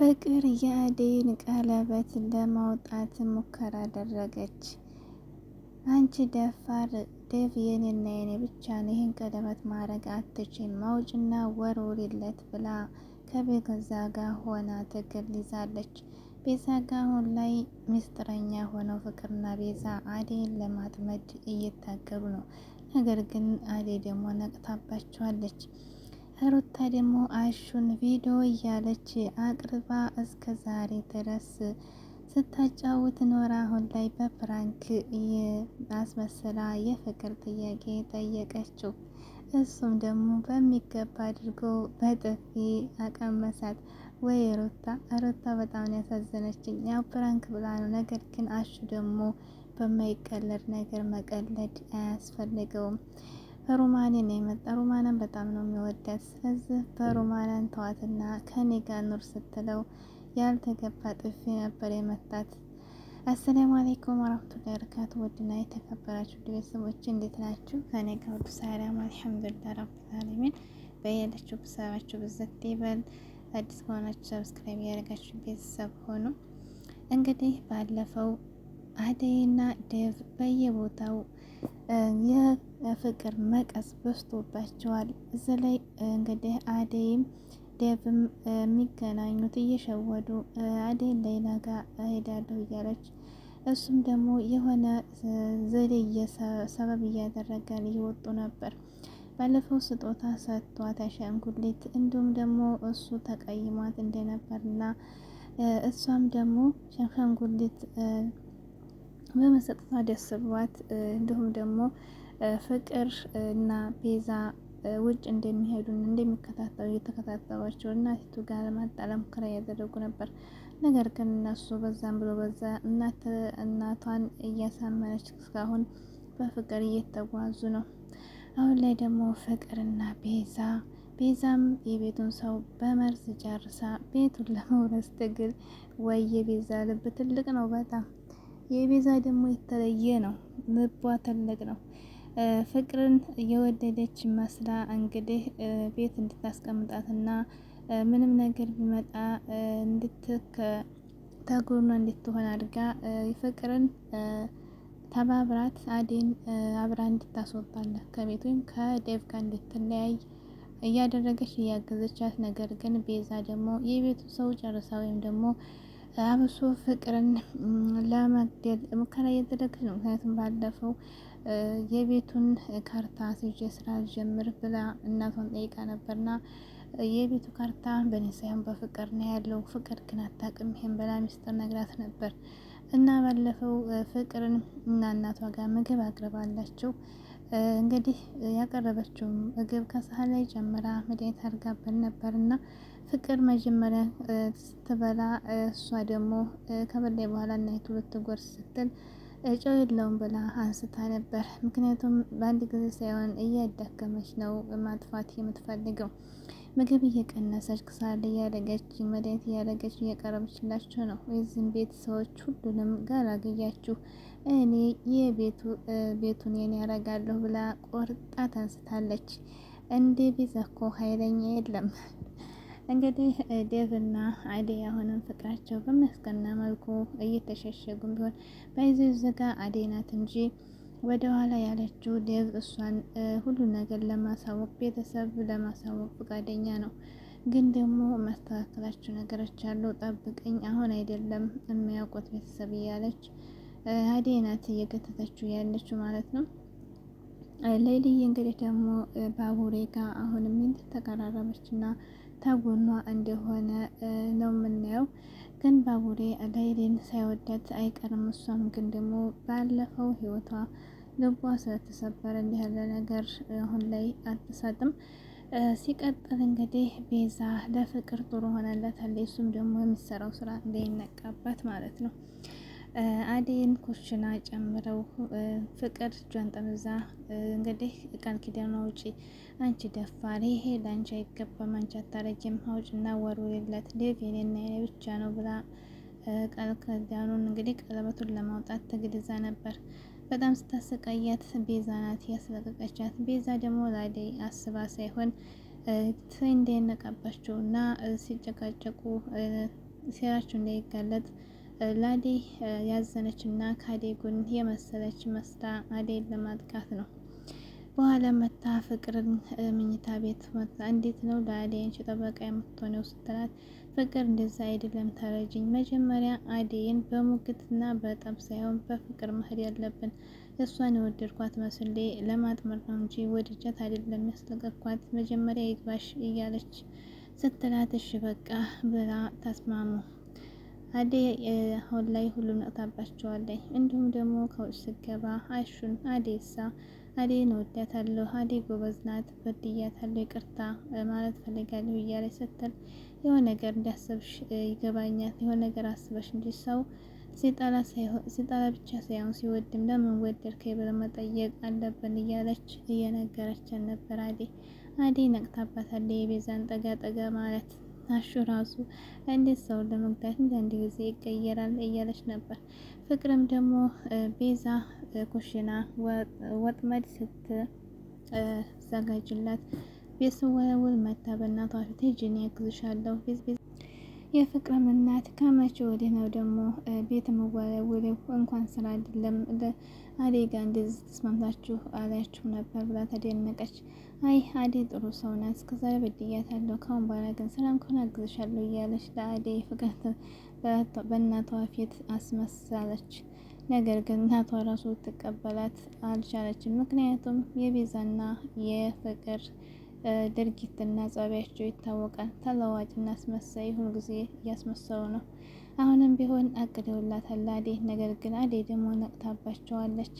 ፍቅር የአደይን ቀለበት ለማውጣት ሙከራ አደረገች። አንቺ ደፋር ዴቭ፣ የኔና የኔ ብቻ ነው፣ ይህን ቀለበት ማድረግ አትችም፣ ማውጭና ወርውሪለት ብላ ከቤዛ ጋር ሆና ትግል ይዛለች። ቤዛ ጋር አሁን ላይ ምስጢረኛ ሆነው ፍቅርና ቤዛ አዴን ለማጥመድ እየታገሉ ነው። ነገር ግን አዴ ደግሞ ነቅታባቸዋለች። ሩታ ደግሞ አሹን ቪዲዮ እያለች አቅርባ እስከ ዛሬ ድረስ ስታጫውት ኖራ አሁን ላይ በፕራንክ አስመሰላ የፍቅር ጥያቄ ጠየቀችው። እሱም ደግሞ በሚገባ አድርጎ በጥፊ አቀመሳት። ወይ ሩታ ሩታ በጣም ያሳዘነችኝ። ያው ፕራንክ ብላ ነው። ነገር ግን አሹ ደግሞ በማይቀለድ ነገር መቀለድ አያስፈልገውም። ሩማኔ ነው የመጣ። ሩማናን በጣም ነው የሚወዳት። ስለዚህ በሩማናን ተዋትና ከኔ ጋር ኑር ስትለው ያልተገባ ጥፊ ነበር የመታት። አሰላሙ አሌይኩም ወራህመቱላሂ ወበረካቱ። ውድና የተከበራችሁ ቤተሰቦች እንዴት ናችሁ? ከኔ ጋር ሁሉ ሰላም አልሐምዱሊላህ ረቢል ዓለሚን። በያለችሁ ብሰባችሁ ብዘት ይበል። አዲስ ከሆናችሁ ሰብስክራይብ ያደረጋችሁ ቤተሰብ ሆኑ። እንግዲህ ባለፈው አደይና ዴቭ በየቦታው የፍቅር መቀስ በስቶባቸዋል። እዚ ላይ እንግዲህ አደይም ደብም የሚገናኙት እየሸወዱ አደይን ሌላ ጋር እሄዳለሁ እያለች እሱም ደግሞ የሆነ ዘዴ ሰበብ እያደረገ እየወጡ ነበር። ባለፈው ስጦታ ሰጥቷት አሻንጉሊት እንዲሁም ደግሞ እሱ ተቀይሟት እንደነበርና እሷም ደግሞ አሻንጉሊት በመሰጠቷ ደስ ብሏት እንዲሁም ደግሞ ፍቅር እና ቤዛ ውጭ እንደሚሄዱ እንደሚከታተሉ እየተከታተሏቸው እናቲቱ ጋር ለማጣላት ሙከራ እያደረጉ ነበር። ነገር ግን እነሱ በዛም ብሎ በዛ እናቷን እያሳመነች እስካሁን በፍቅር እየተጓዙ ነው። አሁን ላይ ደግሞ ፍቅርና ቤዛ ቤዛም የቤቱን ሰው በመርዝ ጨርሳ ቤቱን ለመውረስ ትግል ወይ የቤዛ ልብ ትልቅ ነው በጣም የቤዛ ደግሞ የተለየ ነው። ልቧ ትልቅ ነው። ፍቅርን የወደደች መስላ እንግዲህ ቤት እንድታስቀምጣትና ምንም ነገር ቢመጣ እንድትከ ተጎኗ እንድትሆን አድርጋ ፍቅርን ተባብራት አዴን አብራ እንድታስወጣለ ከቤት ወይም ከዴቭ ጋር እንድትለያይ እያደረገች እያገዘቻት፣ ነገር ግን ቤዛ ደግሞ የቤቱ ሰው ጨርሳ ወይም ደግሞ አብሶ ፍቅርን ለመግደል ሙከራ እያደረገች ነው። ምክንያቱም ባለፈው የቤቱን ካርታ ስጅ ስራ ጀምር ብላ እናቷን ጠይቃ ነበርና የቤቱ ካርታ በእኔ ሳይሆን በፍቅር ነው ያለው። ፍቅር ግን አታውቅም። ይሄን በላ ሚስጥር ነግራት ነበር እና ባለፈው ፍቅርን እና እናቷ ጋር ምግብ አቅርባላቸው እንግዲህ ያቀረበችውም ምግብ ከሳህን ላይ ጀምራ መድኃኒት አድርጋበት ነበርና ፍቅር መጀመሪያ ስትበላ እሷ ደግሞ ከበላይ በኋላ እናይቱ ልትጎርስ ስትል እጨው የለውም ብላ አንስታ ነበር። ምክንያቱም በአንድ ጊዜ ሳይሆን እያዳከመች ነው ማጥፋት የምትፈልገው። ምግብ እየቀነሰች ክሳል እያደረገች መድኃኒት እያደረገች እያቀረበችላቸው ነው። የዚህም ቤት ሰዎች ሁሉንም አገያችሁ እኔ የቤቱ ቤቱን የኔ ያረጋለሁ ብላ ቆርጣ አንስታለች እንዴ ቤዛ እኮ ኃይለኛ የለም። እንግዲህ ዴቭና አደይ አሁንም ፍቅራቸው በሚያስቀና መልኩ እየተሸሸጉም ቢሆን በዚህ ዝጋ አደይ ናት እንጂ ወደ ኋላ ያለችው ዴቭ እሷን ሁሉ ነገር ለማሳወቅ ቤተሰብ ለማሳወቅ ፈቃደኛ ነው። ግን ደግሞ ማስተካከላቸው ነገሮች አሉ። ጠብቀኝ፣ አሁን አይደለም የሚያውቁት ቤተሰብ እያለች አደይ ናት እየገተተችው ያለችው ማለት ነው። ሌሊዬ እንግዲህ ደግሞ ባቡሬ ጋር አሁንም ተቀራረበች እና ተጎኗ እንደሆነ ነው የምናየው። ግን ባቡሬ አዳይሬን ሳይወዳት አይቀርም። እሷም ግን ደግሞ ባለፈው ህይወቷ ልቧ ስለተሰበረ እንዲህ ያለ ነገር አሁን ላይ አትሰጥም። ሲቀጥል እንግዲህ ቤዛ ለፍቅር ጥሩ ሆናላታለች። እሱም ደግሞ የሚሰራው ስራ እንዳይነቃባት ማለት ነው። አዴን ኩሽና ጨምረው ፍቅር እጇን ጠምዛ እንግዲህ ቃል ኪዳን አውጪ፣ አንቺ ደፋር፣ ይሄ ለአንቺ አይገባም፣ አንቺ አታረጊም፣ አውጭና ወርውሪለት፣ ዴቭ የኔና የኔ ብቻ ነው ብላ ቃል ኪዳኑን እንግዲህ ቀለበቱን ለማውጣት ተግድዛ ነበር። በጣም ስታሰቃያት ቤዛ ናት ያስለቀቀቻት። ቤዛ ደግሞ ለአደይ አስባ ሳይሆን ትሬንድ የነቃባቸው እና ሲጨቃጨቁ ሴራቸው እንዳይጋለጥ ላዴ ያዘነች እና ካዴ ጉን የመሰለች መስላ አደይን ለማጥቃት ነው። በኋላ መታ ፍቅርን ምኝታ ቤት መታ እንዴት ነው ለአደይ አንቺ ጠበቃ የምትሆነው ስትላት፣ ፍቅር እንደዛ አይደለም ተረጅኝ፣ መጀመሪያ አደይን በሙግትና በጠብ ሳይሆን በፍቅር መሄድ ያለብን እሷን የወደድኳት መስሌ ለማጥመር ነው እንጂ ወድጀት አይደለም ያስለቀኳት፣ መጀመሪያ ይግባሽ እያለች ስትላት እሺ በቃ ብላ ተስማሙ። አደይ አሁን ላይ ሁሉም ነቅታባቸዋለች። እንዲሁም ደግሞ ከውጭ ስገባ አይሹን አደይሳ አደይን ወዳታለሁ፣ አዴ ጎበዝ ናት፣ በድያታለሁ፣ ይቅርታ ማለት ፈልጋለሁ እያለች ስትል የሆነ ነገር እንዲያሰብሽ ይገባኛል፣ የሆነ ነገር አስበሽ እንጂ ሰው ሲጠላ ብቻ ሳይሆን ሲወድም ለምን ወደድከኝ ብለን መጠየቅ አለብን እያለች እየነገረችን ነበር። አዴ አዴ ነቅታባታለች፣ የቤዛን ጠጋ ጠጋ ማለት ናሹ ራሱ እንዴት ሰውን ለመጉዳት አንዳንድ ጊዜ ይቀየራል እያለች ነበር። ፍቅርም ደግሞ ቤዛ ኩሽና ወጥመድ ስትዘጋጅላት ቤት ስወለውል መታ በእናቷ ፊት ሂጂ እኔ አግዝሻለሁ የፍቅርም እናት ከመቼ ወዲህ ነው ደግሞ ቤት መወለወለው? እንኳን ስራ አይደለም አደይ ጋር እንደዚህ ተስማምታችሁ አላችሁ ነበር ብላ ተደነቀች። አይ አደይ ጥሩ ሰው ናት፣ እስከዛሬ በድያታለሁ፣ ከአሁን በኋላ ግን ሰላም ከሆነ አግዝሻለሁ እያለች ለአደይ ፍቅር በእናቷ ፊት አስመሳለች። ነገር ግን እናቷ ራሱ ትቀበላት አልቻለችም። ምክንያቱም የቤዛና የፍቅር ድርጊትና ጸባያቸው ይታወቃል። ተለዋጭና አስመሳይ ጊዜ እያስመሰሉ ነው። አሁንም ቢሆን አቅደውላታል ለአዴይ ነገር ግን አዴ ደግሞ ነቅታባቸዋለች።